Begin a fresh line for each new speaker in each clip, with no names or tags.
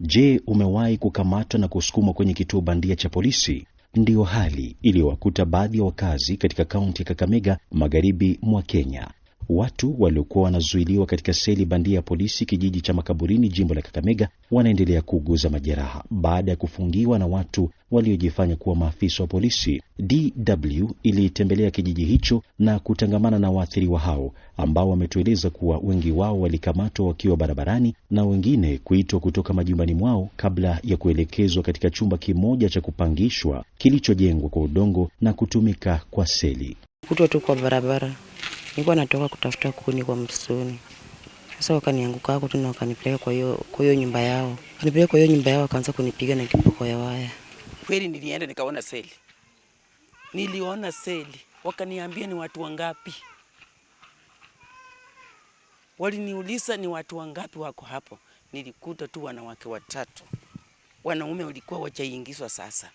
Je, umewahi kukamatwa na kusukumwa kwenye kituo bandia cha polisi? Ndiyo hali iliyowakuta baadhi ya wakazi katika kaunti ya Kakamega, magharibi mwa Kenya. Watu waliokuwa wanazuiliwa katika seli bandia ya polisi kijiji cha Makaburini, jimbo la Kakamega, wanaendelea kuuguza majeraha baada ya kufungiwa na watu waliojifanya kuwa maafisa wa polisi. DW ilitembelea kijiji hicho na kutangamana na waathiriwa hao ambao wametueleza kuwa wengi wao walikamatwa wakiwa barabarani na wengine kuitwa kutoka majumbani mwao kabla ya kuelekezwa katika chumba kimoja cha kupangishwa kilichojengwa kwa udongo na kutumika kwa seli.
Kutwa tu kwa barabara Nilikuwa natoka kutafuta kuni kwa msuni. Sasa wakanianguka hapo tu na wakanipeleka kwa hiyo kwa hiyo nyumba yao. Wakanipeleka kwa hiyo nyumba yao wakaanza kunipiga na kipoko ya waya.
Kweli nilienda nikaona seli. Niliona seli. Wakaniambia ni watu wangapi? Waliniuliza ni watu wangapi wako hapo? Nilikuta tu wanawake watatu. Wanaume walikuwa wachaingizwa sasa.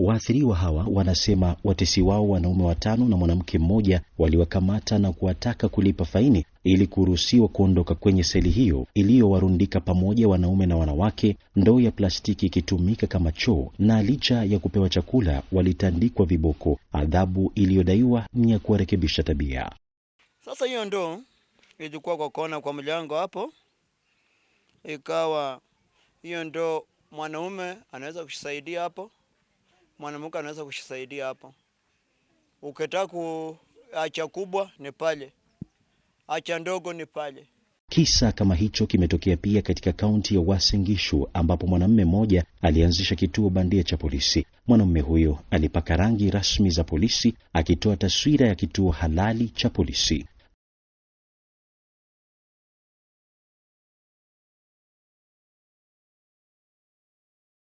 Waathiriwa hawa wanasema watesi wao wanaume watano na mwanamke mmoja waliwakamata na kuwataka kulipa faini ili kuruhusiwa kuondoka kwenye seli hiyo iliyowarundika pamoja wanaume na wanawake, ndoo ya plastiki ikitumika kama choo, na licha ya kupewa chakula walitandikwa viboko. Adhabu iliyodaiwa ni ya kuwarekebisha tabia.
Sasa hiyo ndoo ilikuwa kwa kona kwa mlango hapo, ikawa hiyo ndoo mwanaume anaweza kusaidia hapo mwanamke anaweza kushisaidia hapo. Ukitaka kuacha kubwa ni pale, acha ndogo ni pale.
Kisa kama hicho kimetokea pia katika kaunti ya Uasin Gishu ambapo mwanamume mmoja alianzisha kituo bandia cha polisi. Mwanamume huyo alipaka rangi rasmi za polisi akitoa taswira ya kituo halali cha polisi.